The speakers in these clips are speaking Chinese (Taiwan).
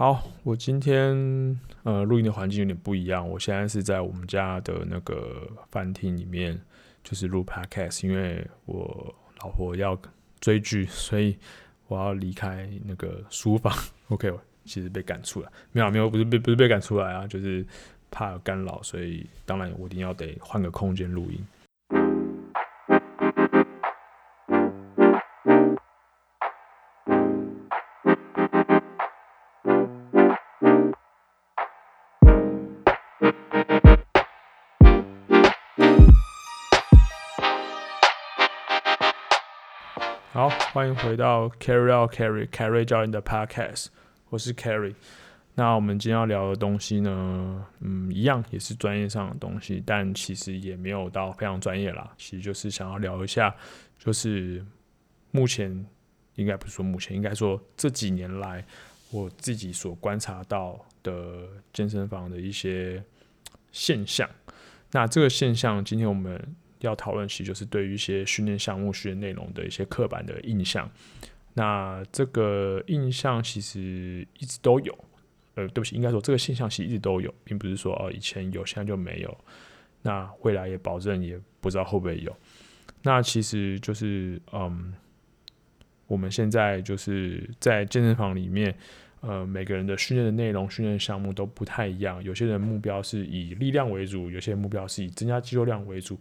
好，我今天呃錄音的環境有點不一樣。我現在是在我們家的那個飯廳裡面，就是錄 Podcast。因為我老婆要追劇，所以我要離開那個書房。OK，我其實被趕出來，沒有沒有，不是被不，不是被趕出來啊，就是怕干擾，所以當然我一定要得換個空間錄音。歡迎回到 Carry Out Carry Carry 教練的 Podcast，我是 Carry。那我們今天要聊的東西呢，嗯，一樣也是專業上的東西，但其實也沒有到非常專業啦。其實就是想要聊一下，就是目前應該不是說目前，應該說這幾年來我自己所觀察到的健身房的一些現象。那這個現象，今天我們。要討論，其實就是對於一些訓練項目、訓練內容的一些刻板的印象。那這個印象其實一直都有。呃，對不起，應該說這個現象其實一直都有，並不是說哦、呃、以前有，現在就沒有。那未來也保證也不知道會不會有。那其實就是，嗯，我們現在就是在健身房裡面，呃，每個人的訓練的內容、訓練項目都不太一樣。有些人目標是以力量為主，有些人目標是以增加肌肉量為主。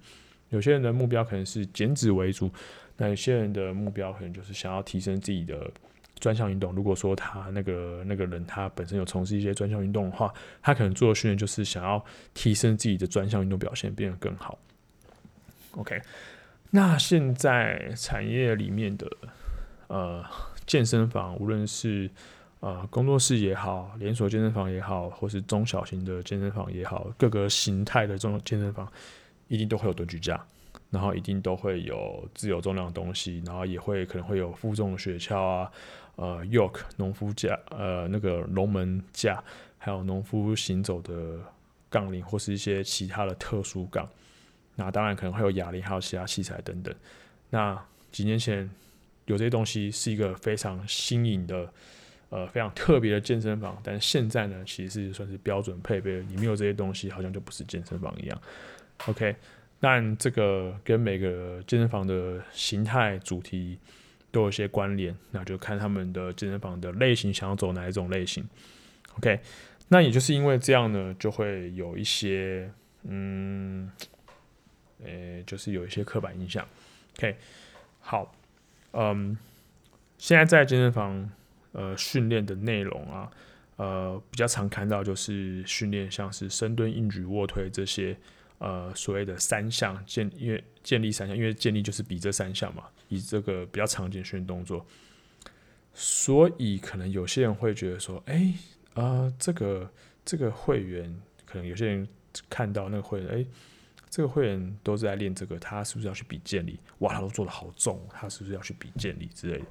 有些人的目標可能是減脂為主，那有些人的目標可能就是想要提升自己的專項運動。如果說他那個那個人他本身有從事一些專項運動的話，他可能做的訓練就是想要提升自己的專項運動表現，變得更好。OK，那現在產業裡面的呃健身房，無論是呃工作室也好，連鎖健身房也好，或是中小型的健身房也好，各個形態的這種健身房。一定都會有蹲舉架，然後一定都會有自由重量的東西，然後也會可能會有負重的雪橇啊，呃，yoke 農夫架，呃，那個龍門架，還有農夫行走的槓鈴或是一些其他的特殊槓，那當然可能會有啞鈴，還有其他器材等等。那幾年前有這些東西是一個非常新穎的，呃，非常特別的健身房，但現在呢，其實是算是標準配備的，你沒有這些東西，好像就不是健身房一樣。OK，但這個跟每個健身房的形態主題都有些關聯，那就看他們的健身房的類型，想要走哪一種類型。OK，那也就是因為這樣呢，就會有一些嗯、欸，就是有一些刻板印象。OK，好，嗯，現在在健身房呃訓練的內容啊，呃，比較常看到就是訓練像是深蹲、硬舉、臥推這些。呃，所謂的三項健，因為健力三項，因為健力就是比這三項嘛，以這個比較常見的訓練動作。所以可能有些人會覺得說，哎、欸，啊、呃，這個這個會員，可能有些人看到那個會員，哎、欸，這個會員都在練這個，他是不是要去比健力？哇，他都做得好重，他是不是要去比健力之類的？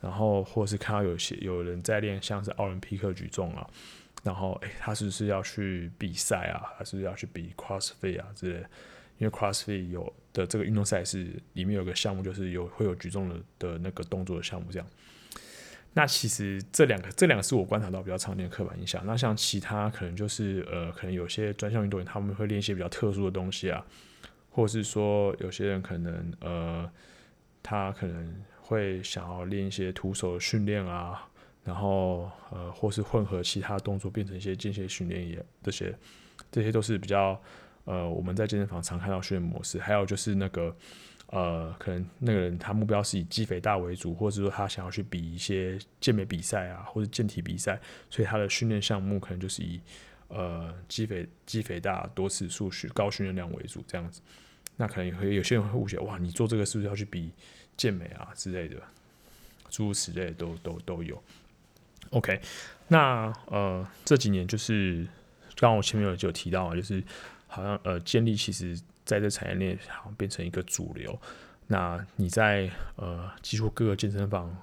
然後或是看到有些有人在練，像是奧林匹克舉重啊。然後，誒，他是不是要去比賽啊，還是要去比 Crossfit 啊？之類的，因為 Crossfit 有的這個運動賽事裡面有個項目，就是有會有舉重的的那個動作的項目這樣。那其實這兩個，這兩個是我觀察到比較常見的刻板印象。那像其他可能就是，呃，可能有些專項運動員他們會練一些比較特殊的東西啊，或者是說有些人可能，呃，他可能會想要練一些徒手訓練啊。然後，呃，或是混合其他動作，變成一些間歇訓練也這些，這些都是比較，呃，我們在健身房常看到訓練模式。還有就是那個，呃，可能那個人他目標是以肌肥大為主，或者說他想要去比一些健美比賽啊，或者健體比賽，所以他的訓練項目可能就是以，呃，肌肥肌肥大多次數、高訓練量為主這樣子。那可能也會有些人會誤解，哇，你做這個是不是要去比健美啊？之類的，諸如此類都都都有。OK，那呃這幾年就是剛,剛我前面就有就提到啊，就是好像呃健力其實在這產業鏈好像變成一個主流。那你在呃幾乎各個健身房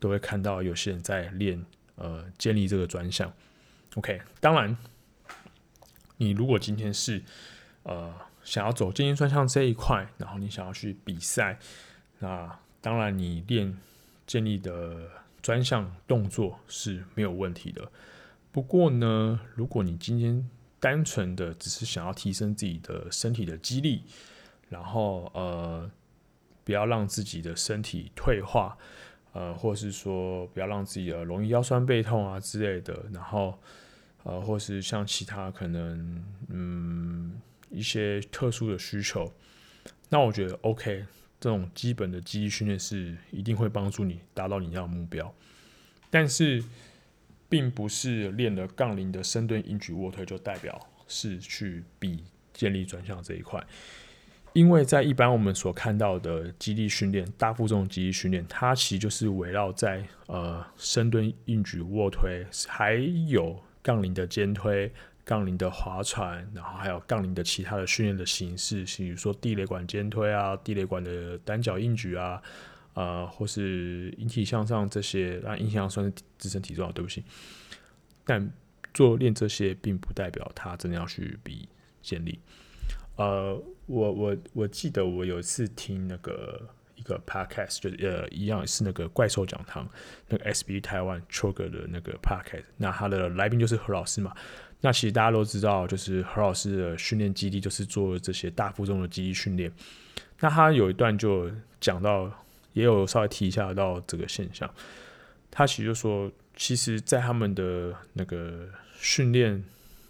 都會看到有些人在練呃健力這個專項。OK，當然你如果今天是呃想要走健力專項這一塊，然後你想要去比賽，那當然你練健力的。專項動作是沒有問題的，不過呢，如果你今天單純的只是想要提升自己的身體的肌力，然後呃，不要讓自己的身體退化，呃，或是說不要讓自己的容易腰痠背痛啊之類的，然後呃，或是像其他可能嗯一些特殊的需求，那我覺得 OK。這種基本的肌力訓練是一定會幫助你達到你要的目標，但是並不是練了槓鈴的深蹲、硬舉、臥推就代表是去比健力專項這一塊，因為在一般我們所看到的肌力訓練、大負重肌力訓練，它其實就是圍繞在呃深蹲、硬舉、臥推，還有槓鈴的肩推。槓鈴的划船，然後還有槓鈴的其他的訓練的形式，比如說地雷管肩推啊，地雷管的單腳硬舉啊，呃，或是引體向上這些，那引體向上算是自身體重，啊，對不起，但做練這些，並不代表他真的要去比健力。呃，我我我記得我有一次聽那個一個 podcast，就呃一樣是那個怪獸講堂，那個 SB 台灣 choker 的那個 podcast，那他的來賓就是何老師嘛。那其實大家都知道，就是何老師的訓練基地就是做這些大負重的肌力訓練。那他有一段就講到，也有稍微提一下到這個現象。他其實就說，其實，在他們的那個訓練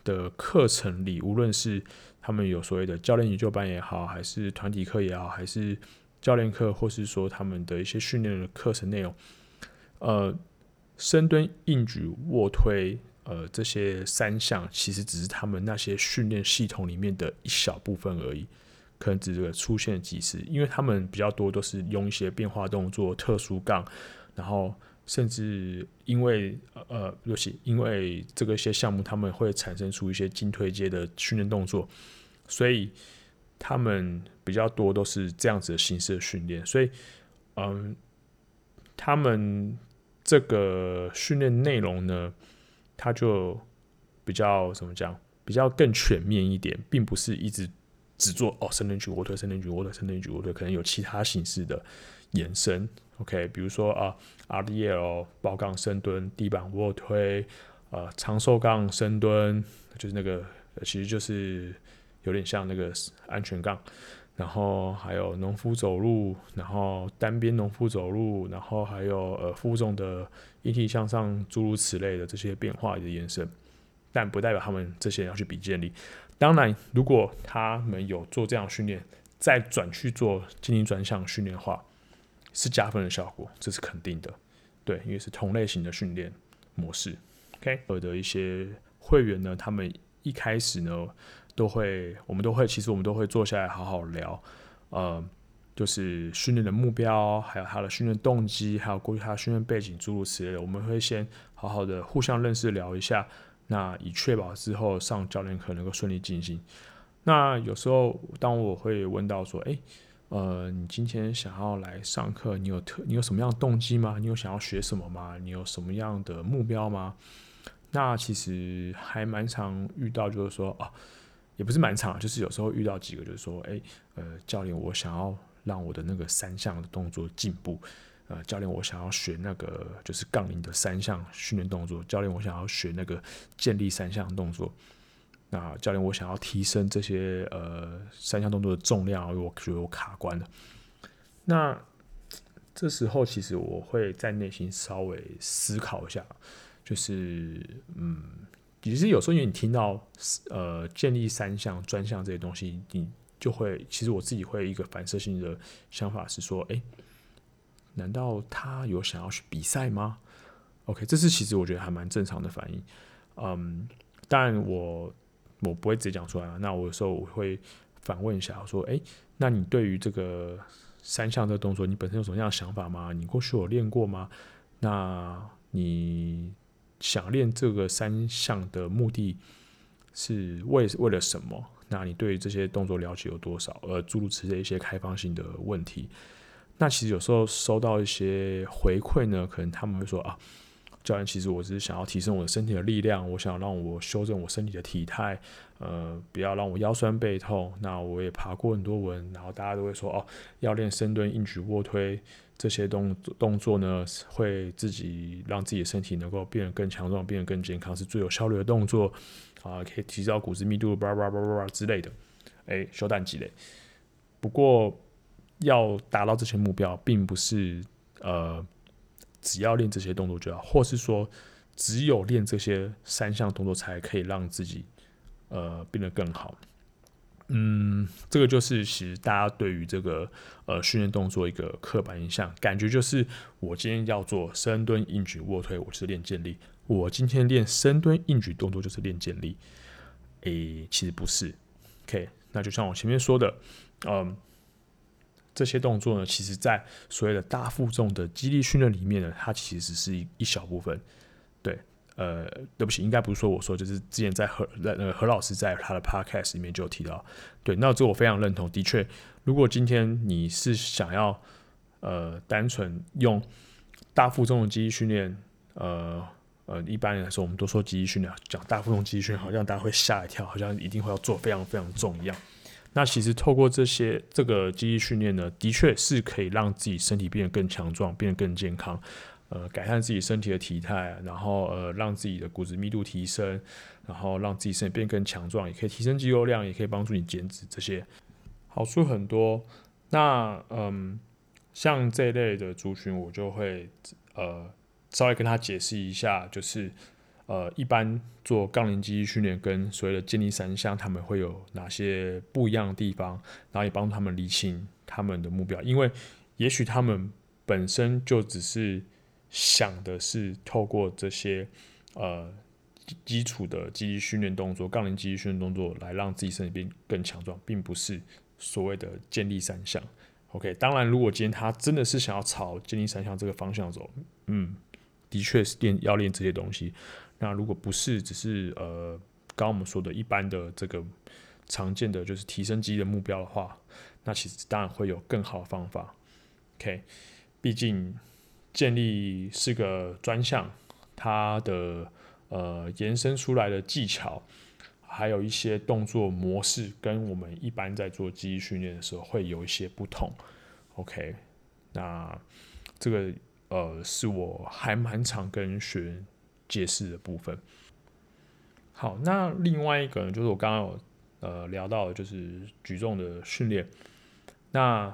的課程裡，無論是他們有所謂的教練研究班也好，還是團體課也好，還是教練課，或是說他們的一些訓練的課程內容，呃，深蹲、硬舉、臥推。呃，這些三項其實只是他們那些訓練系統裡面的一小部分而已，可能只是這個出現了幾次，因為他們比較多都是用一些變化動作、特殊槓，然後甚至因為呃，尤其因為這個一些項目，他們會產生出一些進退階的訓練動作，所以他們比較多都是這樣子的形式訓練，所以嗯、呃，他們這個訓練內容呢？它就比較怎麼講？比較更全面一點，並不是一直只做哦，深蹲硬舉臥推，深蹲硬舉臥推，深蹲硬舉臥推，可能有其他形式的延伸。OK，比如說啊，RDL、抱、呃、槓深蹲、地板臥推、呃，長壽槓深蹲，就是那個、呃，其實就是有點像那個安全槓。然後還有農夫走路，然後單邊農夫走路，然後還有呃負重的引體向上，諸如此類的這些變化的延伸，但不代表他們這些要去比健力。當然，如果他們有做這樣訓練，再轉去做競技專項訓練的話，是加分的效果，這是肯定的。對，因為是同類型的訓練模式。OK，我的一些會員呢，他們一開始呢。都會，我們都會，其實我們都會坐下來好好聊，呃，就是訓練的目標，還有他的訓練動機，還有關於他的訓練背景，諸如此類的，我們會先好好的互相認識聊一下，那以確保之後上教練課能，能夠順利進行。那有時候，當我會問到說，哎，呃，你今天想要來上課，你有特，你有什麼樣的動機嗎？你有想要學什麼嗎？你有什麼樣的目標嗎？那其實還蠻常遇到，就是說，哦、啊。也不是蠻長，就是有時候遇到幾個，就是說，哎、欸，呃，教練，我想要讓我的那個三項的動作進步，呃，教練，我想要學那個就是槓鈴的三項訓練動作，教練，我想要學那個健力三項動作，那教練，我想要提升這些呃三項動作的重量，因為我覺得我卡關了。那這時候其實我會在內心稍微思考一下，就是嗯。其實有時候，因為你聽到呃建立三項專項這些東西，你就會其實我自己會有一個反射性的想法是說，欸，難道他有想要去比賽嗎？OK，這是其實我覺得還蠻正常的反應。嗯，但我我不會直接講出來啊。那我有時候我會反問一下，我說，欸，那你對於這個三項這個動作，你本身有什麼樣的想法嗎？你過去有練過嗎？那你。想練這個三項的目的是為為了什麼？那你對這些動作了解有多少？而、呃、諸如此類一些開放性的問題。那其實有時候收到一些回饋呢，可能他們會說，啊。教練，其實我只是想要提升我的身體的力量，我想讓我修正我身體的體態，呃，不要讓我腰痠背痛。那我也爬過很多文，然後大家都會說，哦，要練深蹲、硬舉、臥推這些動作，動作呢，會自己讓自己的身體能夠變得更強壯、變得更健康，是最有效率的動作啊，呃，可以提高骨質密度，叭叭叭叭叭之類的，誒、欸，修但幾勒。不過，要達到這些目標，並不是呃。只要練這些動作就好，或是說，只有練這些三項動作才可以讓自己，呃，變得更好。嗯，這個就是其實大家對於這個呃訓練動作一個刻板印象，感覺就是我今天要做深蹲、硬舉、臥推，我就是練健力；我今天練深蹲、硬舉動作就是練健力。誒、欸，其實不是。OK，那就像我前面說的，嗯、呃。這些動作呢，其實，在所謂的大負重的肌力訓練裡面呢，它其實是一一小部分。對，呃，對不起，應該不是說我說，就是之前在何那、呃、何老師在他的 podcast 裡面就有提到。對，那這我非常認同。的確，如果今天你是想要呃，單純用大負重的肌力訓練，呃呃，一般來說我們都說肌力訓練，講大負重肌力訓練，好像大家會嚇一跳，好像一定會要做非常非常重一樣。那其實透過這些這個肌力訓練呢，的確是可以讓自己身體變得更強壯，變得更健康，呃，改善自己身體的體態，然後呃，讓自己的骨質密度提升，然後讓自己身體變更強壯，也可以提升肌肉量，也可以幫助你減脂，這些好處很多。那嗯，像這一類的族群，我就會呃，稍微跟他解釋一下，就是。呃，一般做槓鈴肌力訓練跟所謂的健力三項，他們會有哪些不一樣的地方？然後也幫他們理清他們的目標，因為也許他們本身就只是想的是透過這些呃基礎的肌力訓練動作、槓鈴肌力訓練動作來讓自己身體變更強壯，並不是所謂的健力三項。OK，當然，如果今天他真的是想要朝健力三項這個方向走，嗯，的確是練要練這些東西。那如果不是，只是呃，剛我們說的一般的這個常見的就是提升肌的目標的話，那其實當然會有更好的方法。OK，畢竟健力是個專項，它的呃延伸出來的技巧，還有一些動作模式，跟我們一般在做肌訓練的時候會有一些不同。OK，那這個呃是我還蠻常跟人學解釋的部分。好，那另外一個呢，就是我剛剛有呃聊到，就是舉重的訓練。那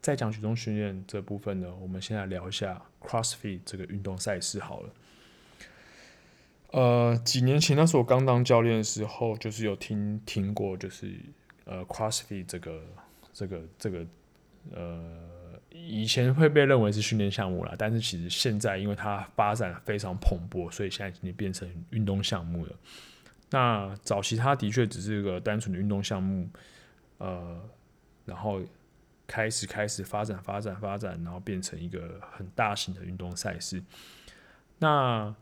在講舉重訓練這部分呢，我們先來聊一下 CrossFit 這個運動賽事好了。呃，幾年前那時候我剛當教練的時候，就是有聽聽過，就是呃 CrossFit 這個這個這個呃。以前會被認為是訓練項目啦，但是其實現在因為它發展非常蓬勃，所以現在已經變成運動項目了。那早期它的確只是一個單純的運動項目，呃，然後開始開始發展發展發展，然後變成一個很大型的運動賽事。那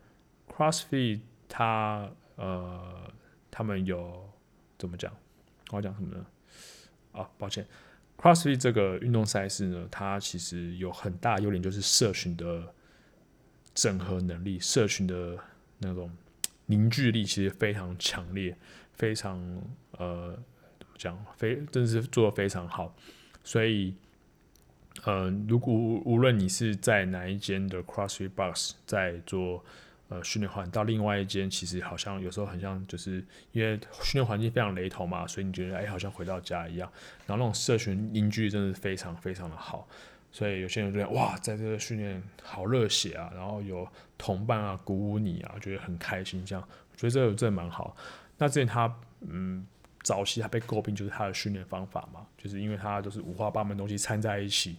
CrossFit 它呃，他們有怎麼講？我要講什麼呢？啊，抱歉。CrossFit 這個運動賽事呢，它其實有很大的優點，就是社群的整合能力，社群的那種凝聚力其實非常強烈，非常呃怎麼講？非真的是做得非常好，所以，嗯、呃，如果無論你是在哪一間的 CrossFit Box 在做。呃，訓練環到另外一間，其實好像有時候很像，就是因為訓練環境非常雷同嘛，所以你覺得哎、欸，好像回到家一樣。然後那種社群凝聚真的是非常非常的好，所以有些人覺得哇，在這個訓練好熱血啊，然後有同伴啊鼓舞你啊，覺得很開心這樣。我覺得這這真的蠻好。那之前他嗯，早期他被詬病就是他的訓練方法嘛，就是因為他都是五花八門東西摻在一起，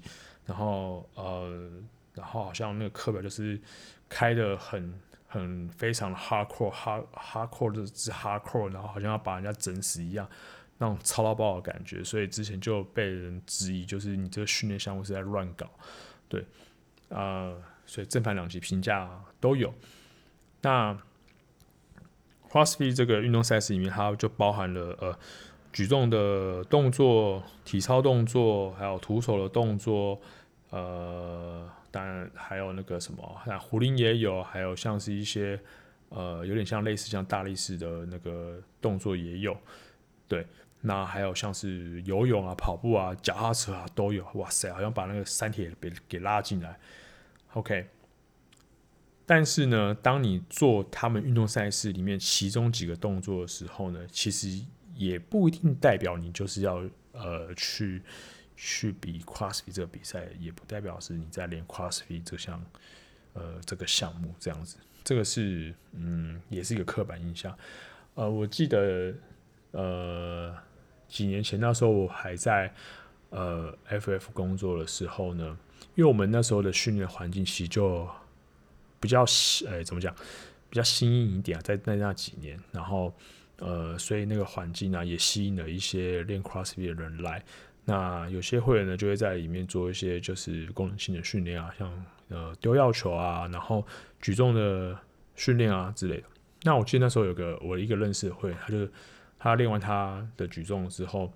然後呃，然後好像那個課表就是開得很。很非常的 hardcore，hard hardcore 就是 hardcore，然後好像要把人家整死一樣，那種超到爆的感覺，所以之前就被人質疑，就是你這個訓練項目是在亂搞，對，啊、呃，所以正反兩極評價都有。那 CrossFit 這個運動賽事裡面，它就包含了呃舉重的動作、體操動作，還有徒手的動作，呃。當然還有那個什麼，那壺鈴也有，還有像是一些呃，有點像類似像大力士的那個動作也有，對，那還有像是游泳啊、跑步啊、腳踏車啊都有，哇塞，好像把那個三鐵給給拉進來，OK。但是呢，當你做他們運動賽事裡面其中幾個動作的時候呢，其實也不一定代表你就是要呃去。去比 Crossfit 這個比賽，也不代表是你在練 Crossfit 這項，呃，這個項目這樣子，這個是嗯，也是一個刻板印象。呃，我記得呃，幾年前那時候我還在呃 FF 工作的時候呢，因為我們那時候的訓練環境其實就比較新、欸，怎麼講，比較新穎一點、啊、在那那幾年，然後呃，所以那個環境呢、啊，也吸引了一些練 Crossfit 的人來。那有些會員呢，就會在裡面做一些就是功能性的訓練啊，像呃丟藥球啊，然後舉重的訓練啊之類的。那我記得那時候有個我一個認識的會員，他就他練完他的舉重之後，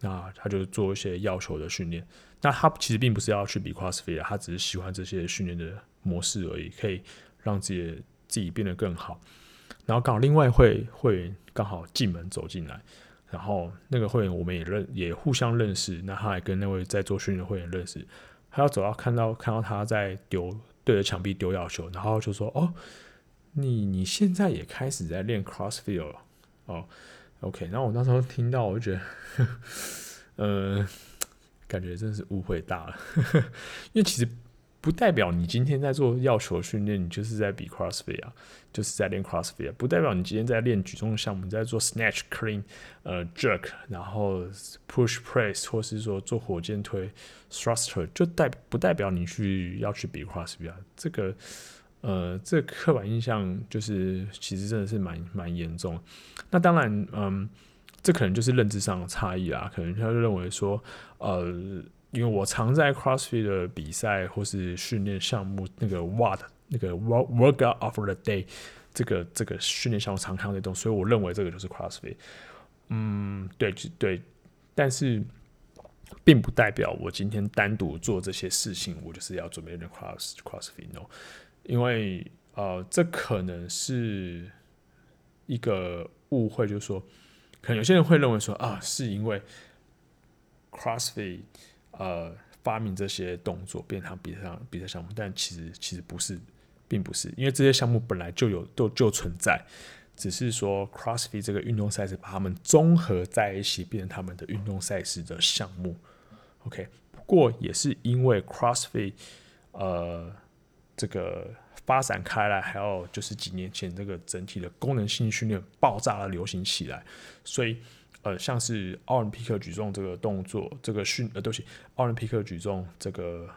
那他就做一些藥球的訓練。那他其實並不是要去比 CrossFit，他只是喜歡這些訓練的模式而已，可以讓自己自己變得更好。然後剛好另外一會會員剛好進門走進來。然後那個會員我們也認，也互相認識。那他還跟那位在做訓練的會員認識，他要走到看到看到他在丟對着牆壁丟藥球，然後就說：“哦，你你現在也開始在練 CrossFit 了哦，哦。”OK，那我那時候聽到我就覺得，呵呵呃，感覺真是誤會大了呵呵，因為其實。不代表你今天在做藥球訓練，你就是在比 CrossFit 啊，就是在練 CrossFit 啊。不代表你今天在練舉重項目，你在做 snatch clean 呃、呃 jerk，然後 push press，或是說做火箭推 thruster，就代不，不代表你去要去比 CrossFit 啊。這個，呃，這個、刻板印象就是其實真的是蠻蠻嚴重。那當然，嗯，這可能就是認知上的差異啊。可能他就認為說，呃。因為我常在 CrossFit 的比賽或是訓練項目，那個 What 那個 Work Workout of the day 這個這個訓練項目常看到這種，所以我認為這個就是 CrossFit。嗯，對對，但是並不代表我今天單獨做這些事情，我就是要準備練 Cross CrossFit No，因為呃，這可能是一個誤會，就是說，可能有些人會認為說啊，是因為 CrossFit。呃，發明這些動作變成比賽項比賽項目，但其實其實不是，並不是，因為這些項目本來就有，都就,就存在，只是說 CrossFit 這個運動賽事把它們綜合在一起，變成他們的運動賽事的項目。OK，不過也是因為 CrossFit 呃這個發展開來，還有就是幾年前這個整體的功能性訓練爆炸了流行起來，所以。呃，像是奧林匹克舉重這個動作，這個訓呃，對不起，奧林匹克舉重這個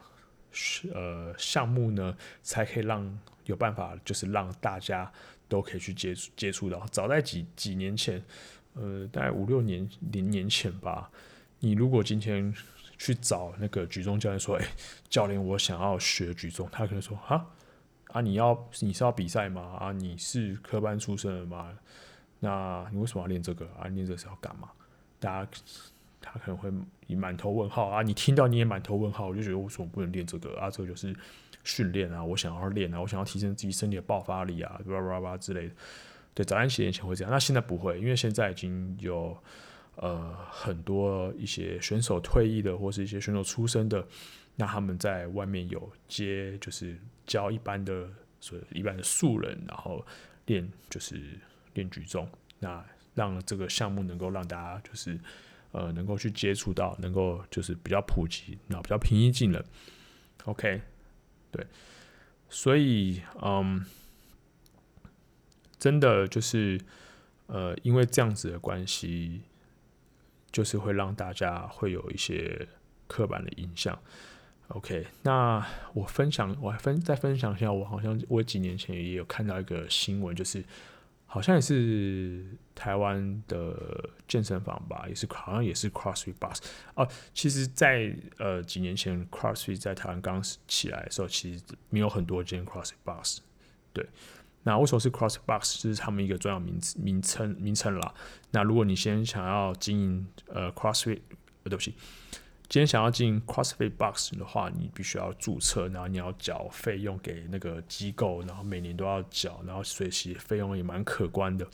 呃項目呢，才可以讓有辦法，就是讓大家都可以去接觸接觸到。早在幾幾年前，呃，大概五六年零年，年，年前吧，你如果今天去找那個舉重教練說，誒、欸，教練，我想要學舉重，他可能說，哈？啊，你要你是要比賽嗎？啊，你是科班出身的嗎？那你為什麼要練這個啊？練這個是要幹嘛？大家他可能會以滿頭問號啊！你聽到你也滿頭問號，我就覺得為什麼不能練這個啊？這個就是訓練啊，我想要練啊，我想要提升自己身體的爆發力啊，哇哇哇之類的。對，早上洗臉前會這樣，那現在不會，因為現在已經有呃很多一些選手退役的，或是一些選手出身的，那他們在外面有接就是教一般的，所以一般的素人，然後練就是。變舉重，那讓這個項目能夠讓大家就是，呃，能夠去接觸到，能夠就是比較普及，那比較平易近人。OK，對，所以嗯，真的就是呃，因為這樣子的關係，就是會讓大家會有一些刻板的印象。OK，那我分享，我還分再分享一下，我好像我幾年前也有看到一個新聞，就是。好像也是台灣的健身房吧，也是好像也是 CrossFit Box 啊。其實在，在呃幾年前，CrossFit 在台灣剛起來的時候，其實沒有很多間 CrossFit Box。對，那為什麼是 CrossFit Box？就是他們一個專有名詞、名稱、名稱啦。那如果你先想要經營呃 CrossFit，呃，對不起。今天想要進 CrossFit Box 的話，你必須要註冊，然後你要繳費用給那個機構，然後每年都要繳，然後所以其實費用也蠻可觀的。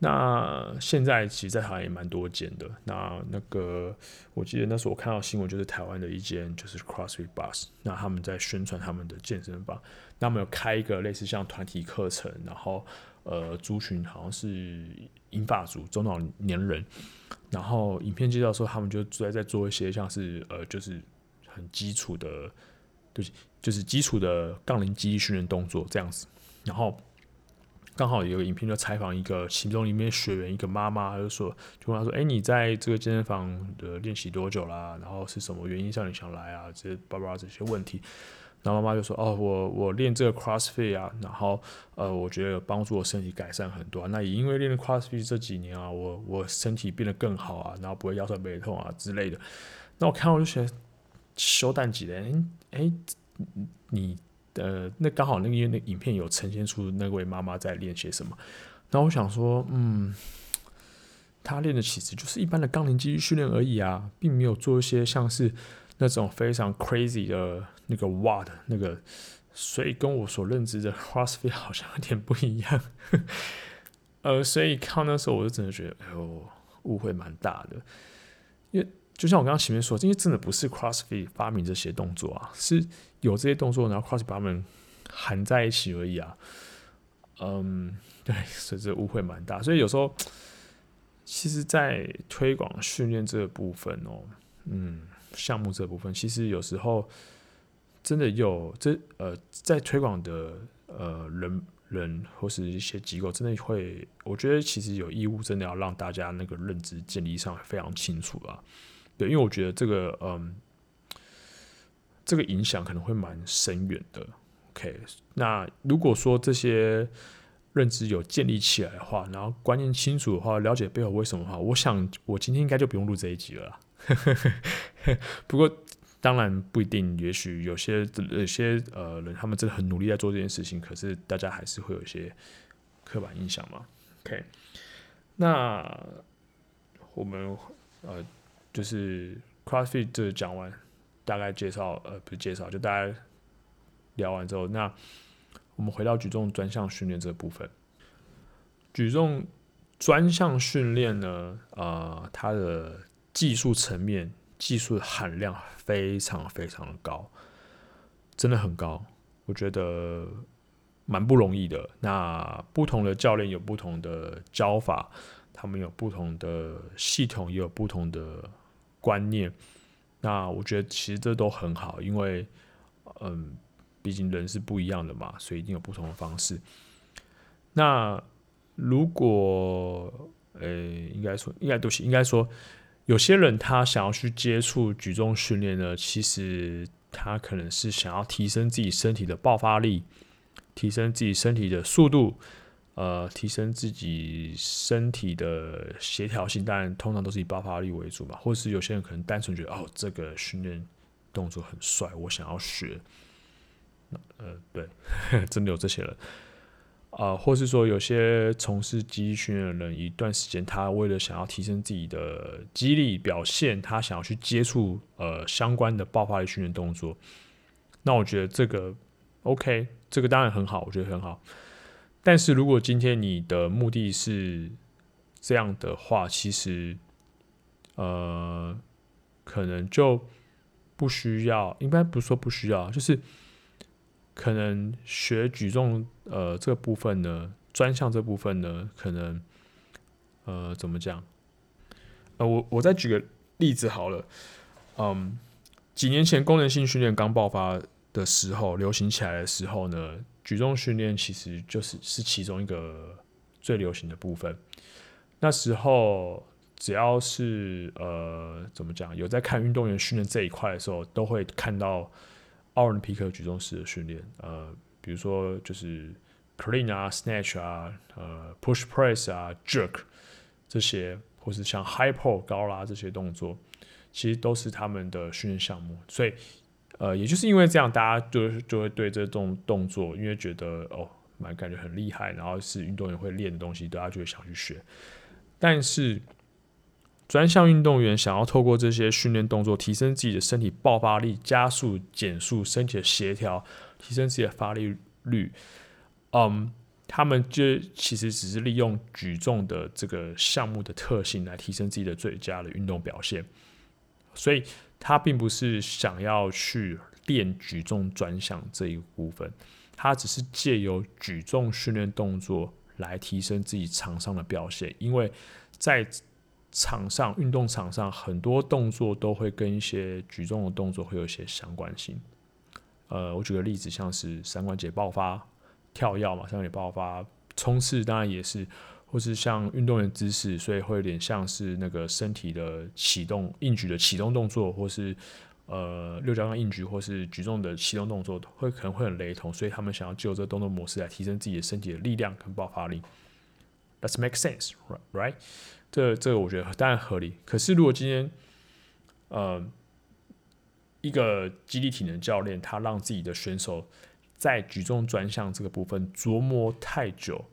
那現在其實，在台灣也蠻多見的。那那個，我記得那時候我看到新聞，就是台灣的一間就是 CrossFit Box，那他們在宣傳他們的健身房。那他們有開一個類似像團體課程，然後呃，族群好像是銀髮族、中老年人，然後影片介紹說他們就主要在,在做一些像是呃，就是很基礎的，就是就是基礎的槓鈴肌力訓練動作這樣子。然後剛好有一個影片就採訪一個其中裡面學員一個媽媽，他就說，就問他說：“哎、欸，你在這個健身房的練習多久啦？然後是什麼原因讓你想來啊？”這些叭叭這些問題。然後媽媽就說：“哦，我我練這個 crossfit 啊，然後呃，我覺得幫助我身體改善很多啊。那也因為練 crossfit 這幾年啊，我我身體變得更好啊，然後不會腰痠背痛啊之類的。那我看我就覺得，修蛋幾勒，誒，你呃，那剛好那個那影片有呈現出那位媽媽在練些什麼。那我想說，嗯，她練的其實就是一般的槓鈴肌力訓練而已啊，並沒有做一些像是那種非常 crazy 的。”那個哇的那個，所以跟我所認知的 CrossFit 好像有點不一樣，呵呵，呃，所以看那時候我就真的覺得，哎呦，誤會蠻大的。因為就像我剛剛前面說，這些真的不是 CrossFit 發明這些動作啊，是有這些動作，然後 CrossFit 把它們含在一起而已啊。嗯，對，所以這誤會蠻大的。所以有時候，其實在推廣訓練這部分哦、喔，嗯，項目這部分，其實有時候。真的有，這呃，在推廣的呃人人，或是一些機構，真的會，我覺得其實有義務真的要讓大家那個認知建立上非常清楚吧，對，因為我覺得這個嗯、呃，這個影響可能會蠻深遠的。OK，那如果說這些認知有建立起來的話，然後觀念清楚的話，了解背後為什麼的話，我想我今天應該就不用錄這一集了。 不過。當然不一定，也許有些有些呃人，他們真的很努力在做這件事情，可是大家還是會有一些刻板印象嘛。OK，那我們呃就是 CrossFit 這講完，大概介紹呃不是介紹，就大家聊完之後，那我們回到舉重專項訓練這個部分。舉重專項訓練呢，啊、呃，它的技術層面。技術含量非常非常高，真的很高，我覺得蠻不容易的。那不同的教練有不同的教法，他們有不同的系統，也有不同的觀念。那我覺得其實這都很好，因為嗯，畢竟人是不一樣的嘛，所以一定有不同的方式。那如果呃、欸，應該說應該都是應該說。有些人他想要去接觸舉重訓練呢，其實他可能是想要提升自己身體的爆發力，提升自己身體的速度，呃，提升自己身體的協調性。當然，通常都是以爆發力為主嘛。或者是有些人可能單純覺得哦，這個訓練動作很帥，我想要學。呃，對，呵呵，真的有這些人。呃，或是說有些從事肌力訓練的人，一段時間他為了想要提升自己的肌力表現，他想要去接觸呃相關的爆發力訓練動作，那我覺得這個 OK，這個當然很好，我覺得很好。但是如果今天你的目的是這樣的話，其實呃可能就不需要，應該不說不需要，就是可能學舉重。呃，這個部分呢，專項這部分呢，可能呃，怎麼講？呃，我我再舉個例子好了。嗯，幾年前功能性訓練剛爆發的時候，流行起來的時候呢，舉重訓練其實就是是其中一個最流行的部分。那時候只要是呃，怎麼講，有在看運動員訓練這一塊的時候，都會看到奧林匹克舉重式的訓練，呃。比如說，就是 clean 啊，snatch 啊，呃，push press 啊，jerk 這些，或是像 high pull 高拉這些動作，其實都是他們的訓練項目。所以，呃，也就是因為這樣，大家就就會對這種動作，因為覺得哦，蠻感覺很厲害，然後是運動員會練的東西，大家就會想去學。但是，專項運動員想要透過這些訓練動作，提升自己的身體爆發力、加速、減速、身體的協調。提升自己的發力率，嗯，他們就其實只是利用舉重的這個項目的特性來提升自己的最佳的運動表現，所以他並不是想要去練舉重專項這一部分，他只是借由舉重訓練動作來提升自己場上的表現，因為在場上，運動場上，很多動作都會跟一些舉重的動作會有一些相關性。呃，我舉個例子，像是三關節爆發跳躍嘛，三關節爆發衝刺，當然也是，或是像運動員姿勢，所以會有點像是那個身體的啟動硬舉的啟動動作，或是呃六角槓硬舉，或是舉重的啟動動作，會可能會很雷同，所以他們想要借這個動作模式來提升自己的身體的力量跟爆發力。That's make sense, right? 這個、這個我覺得當然合理。可是如果今天，呃。一個肌力體能教練，他讓自己的選手在舉重專項這個部分琢磨太久，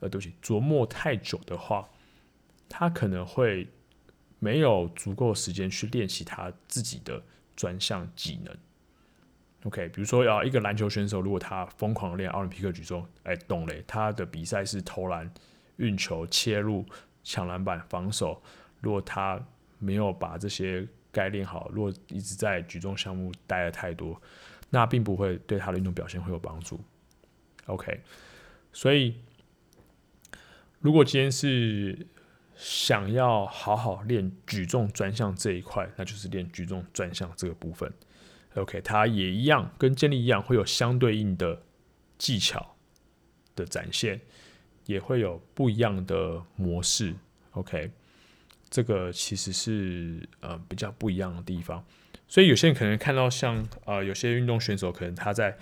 呃，對不起，琢磨太久的話，他可能會沒有足夠時間去練習他自己的專項技能。OK，比如說要一個籃球選手，如果他瘋狂練奧林匹克舉重，哎、欸，懂了，他的比賽是投籃、運球、切入、搶籃板、防守。如果他沒有把這些，該練好。如果一直在舉重項目待了太多，那並不會對他的運動表現會有幫助。OK，所以如果今天是想要好好練舉重專項這一塊，那就是練舉重專項這個部分。OK，它也一樣跟健力一樣，會有相對應的技巧的展現，也會有不一樣的模式。OK。這個其實是呃比較不一樣的地方，所以有些人可能看到像呃有些運動選手，可能他在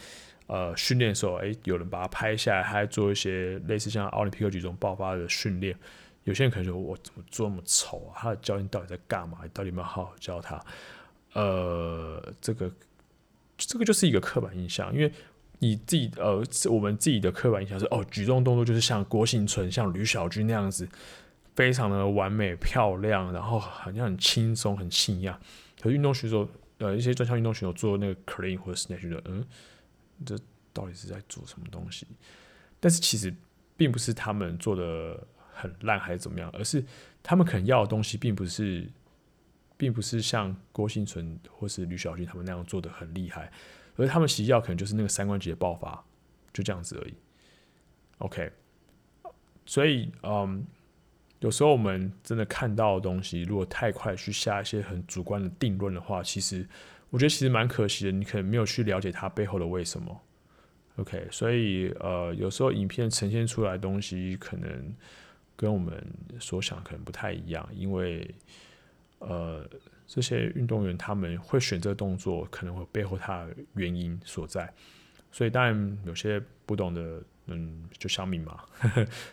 呃訓練的時候，誒有人把他拍下來，他在做一些類似像奧林匹克舉重爆發的訓練，有些人可能說，我怎麼做那麼醜啊？他的教練到底在幹嘛？到底有沒有好好教他？呃，這個這個就是一個刻板印象，因為你自己呃我們自己的刻板印象是，哦，舉重動作就是像郭婞淳、像呂小軍那樣子，非常的完美漂亮，然後好像很輕鬆很輕一樣，可是運動選手，呃，一些專項運動選手做那個 clean 或者 snatch 的，嗯，這到底是在做什麼東西？但是其實並不是他們做的很爛還是怎麼樣，而是他們可能要的東西並不是，並不是像郭婞淳或是呂小軍他們那樣做的很厲害，而他們其實要可能就是那個三關節爆發，就這樣子而已。OK，所以嗯。有時候我們真的看到的東西，如果太快去下一些很主觀的定論的話，其實我覺得其實蠻可惜的。你可能沒有去了解它背後的為什麼。OK，所以呃，有時候影片呈現出來的東西可能跟我們所想可能不太一樣，因為呃，這些運動員他們會選擇動作，可能會背後它的原因所在。所以當然有些不懂的。嗯，就像米嘛，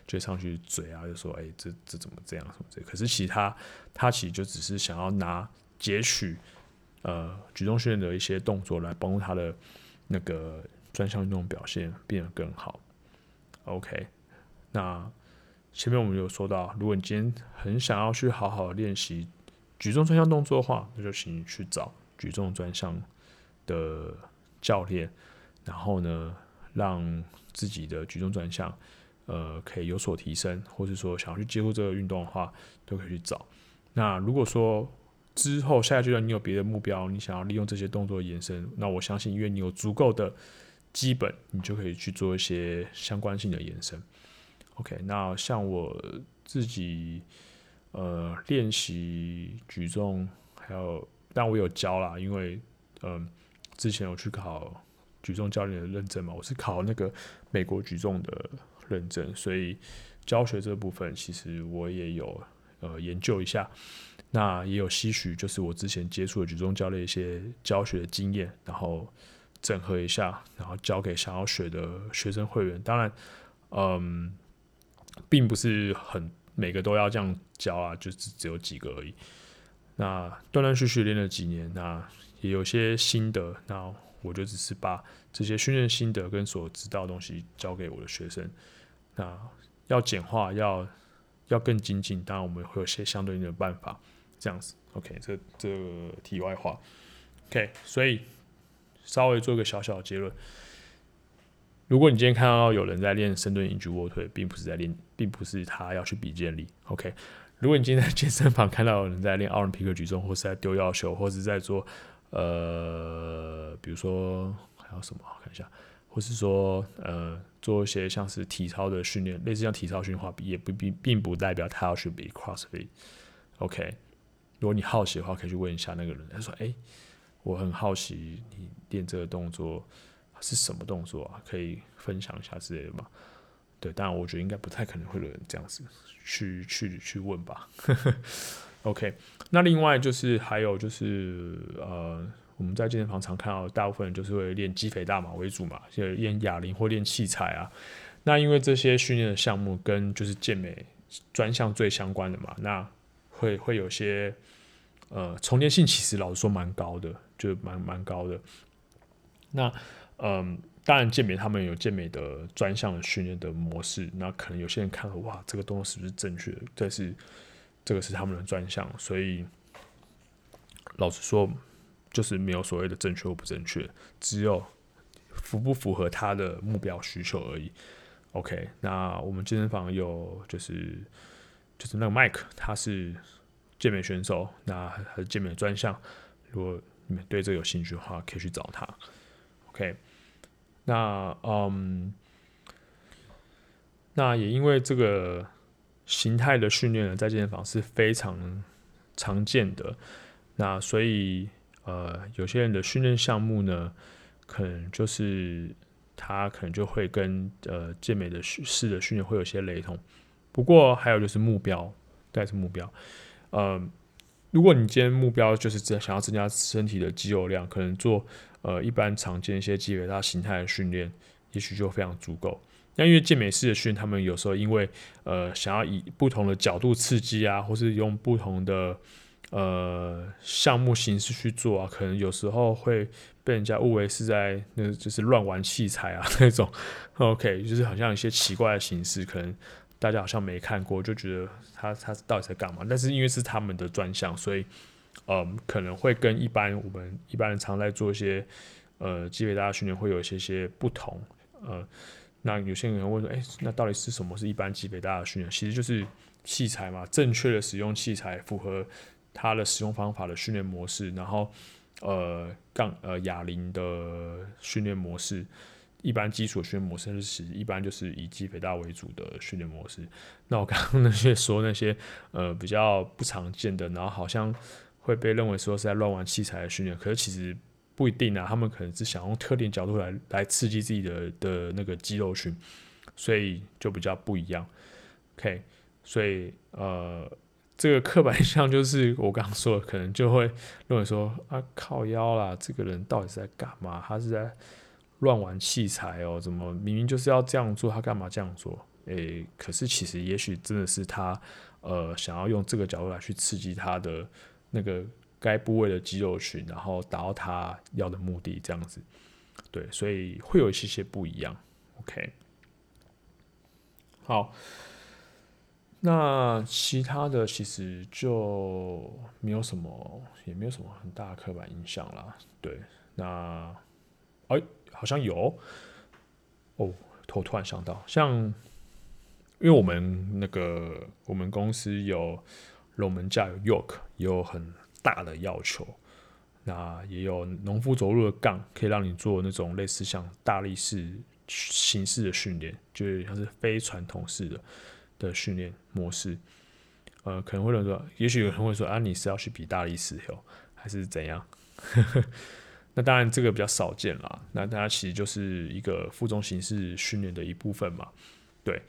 就上去嘴啊，就說：“哎、欸，這這怎麼這樣什麼之類？”可是，其他他其實就只是想要拿截取呃舉重訓練的一些動作來幫助他的那個專項運動表現變得更好。OK，那前面我們有說到，如果你今天很想要去好好練習舉重專項動作的話，那就請你去找舉重專項的教練，然後呢，讓。自己的舉重專項，呃，可以有所提升，或是說想要去接觸這個運動的話，都可以去找。那如果說之後下一階段你有別的目標，你想要利用這些動作的延伸，那我相信，因為你有足夠的基本，你就可以去做一些相關性的延伸。OK，那像我自己，呃，練習舉重，還有但我有教啦，因為嗯、呃，之前我去考。舉重教練的認證嘛，我是考那個美國舉重的認證，所以教學這部分其實我也有呃研究一下，那也有些許就是我之前接觸的舉重教練一些教學的經驗，然後整合一下，然後教給想要學的學生會員。當然，嗯，並不是很每個都要這樣教啊，就只只有幾個而已。那斷斷續續練了幾年，那也有些心得，那。我就只是把這些訓練心得跟所知道的東西教給我的學生。那要簡化，要要更精進，當然我們會有些相對應的辦法。這樣子，OK，這這題外話，OK。所以稍微做一個小小的結論：如果你今天看到有人在練深蹲、硬舉、臥推，並不是在練，並不是他要去比健力。OK，如果你今天在健身房看到有人在練奧林匹克舉重，或是在丟藥球，或是在做。呃，比如說還有什麼？我看一下，或是說，呃，做一些像是體操的訓練，類似像體操訓練，話也不並並不代表他要去練 CrossFit。OK，如果你好奇的話，可以去問一下那個人。他、就是、說：“哎、欸，我很好奇，你練這個動作是什麼動作啊？可以分享一下之類的嗎？”對，當然我覺得應該不太可能會有人這樣子去去去問吧。 OK，那另外就是還有就是呃，我們在健身房常看到大部分人就是會練肌肥大嘛為主嘛，就練啞鈴或練器材啊。那因為這些訓練的項目跟就是健美專項最相關的嘛，那會會有些呃重疊性，其實老實說蠻高的，就蠻蠻高的。那嗯、呃，當然健美他們有健美的專項的訓練的模式，那可能有些人看了哇，這個動作是不是正確的，但是。這個是他們的專項，所以老實說，就是沒有所謂的正確或不正確，只有符不符合他的目標需求而已。OK，那我們健身房有就是就是那個 Mike，他是健美選手，那他是健美的專項。如果你們對這個有興趣的話，可以去找他。OK，那嗯，那也因為這個。形態的訓練呢，在健身房是非常常見的。那所以，呃，有些人的訓練項目呢，可能就是他可能就會跟呃健美的訓式的訓練會有些雷同。不過，還有就是目標，還是目標。呃，如果你今天目標就是增想要增加身體的肌肉量，可能做呃一般常見一些肌肥大形態的訓練，也許就非常足夠。那因為健美式的訓練，他們有時候因為呃想要以不同的角度刺激啊，或是用不同的呃項目形式去做啊，可能有時候會被人家誤為是在那就是亂玩器材啊那種。OK，就是好像一些奇怪的形式，可能大家好像沒看過，就覺得他他到底在幹嘛？但是因為是他們的專項，所以嗯、呃、可能會跟一般我們一般人常在做一些呃肌肥大訓練，會有一些些不同，呃。那有些人問說：“哎、欸，那到底是什麼是一般肌肥大的訓練？其實就是器材嘛，正確的使用器材，符合它的使用方法的訓練模式。然後，呃，槓呃啞鈴的訓練模式，一般基礎訓練模式，是其實一般就是以肌肥大為主的訓練模式。那我剛剛那些說那些呃比較不常見的，然後好像會被認為說是在亂玩器材的訓練，可是其實。”不一定啊，他們可能是想用特定角度來來刺激自己的的那個肌肉群，所以就比較不一樣。OK，所以呃，這個刻板印象就是我剛剛說的，可能就會認為說啊，靠腰啦，這個人到底是在幹嘛？他是在亂玩器材哦，怎麼明明就是要這樣做，他幹嘛這樣做？誒，可是其實也許真的是他呃，想要用這個角度來去刺激他的那個。該部位的肌肉群，然後達到他要的目的，這樣子，對，所以會有一些些不一樣。OK，好，那其他的其實就沒有什麼，也沒有什麼很大的刻板印象啦。對，那哎、欸，好像有哦，我突然想到，像因為我們那個我們公司有龍門架，有 Yoke，也有很。大的要求，那也有農夫走路的槓，可以讓你做那種類似像大力士形式的訓練，就是它是非傳統式的的訓練模式。呃，可能會有人說，也許有人會說，啊，你是要去比大力士，還是怎樣？呵呵，那當然這個比較少見啦。那它其實就是一個負重形式訓練的一部分嘛，對。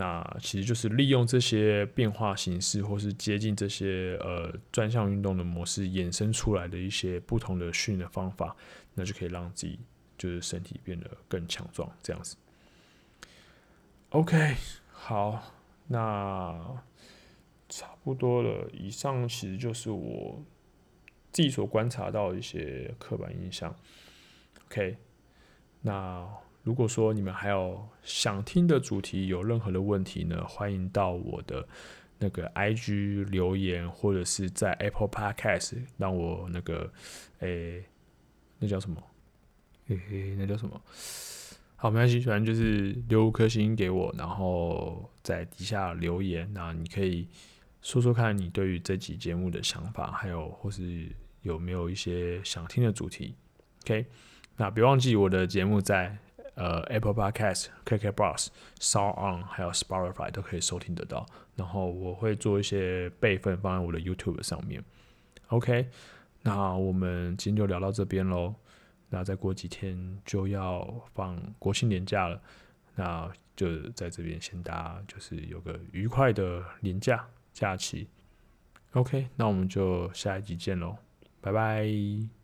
那其實就是利用這些變化形式，或是接近這些呃專項運動的模式，衍生出來的一些不同的訓練方法，那就可以讓自己就是身體變得更強壯，這樣子。OK，好，那差不多了。以上其實就是我自己所觀察到的一些刻板印象。OK，那。如果說你們還有想聽的主題，有任何的問題呢，歡迎到我的那個 IG 留言，或者是在 Apple Podcast 讓我那個誒、欸，那叫什麼？誒、欸，那叫什麼？好，沒關係，反正就是留五顆星給我，然後在底下留言。那你可以說說看你對於這期節目的想法，還有或是有沒有一些想聽的主題。OK，那別忘記我的節目在。呃，Apple Podcast、KKBox、SoundOn，還有 Spotify 都可以收聽得到。然後我會做一些備份放在我的 YouTube 上面。OK，那我們今天就聊到這邊嘍。那再過幾天就要放國慶連假了，那就在這邊先大家就是有個愉快的連假假期。OK，那我們就下一集見嘍，拜拜。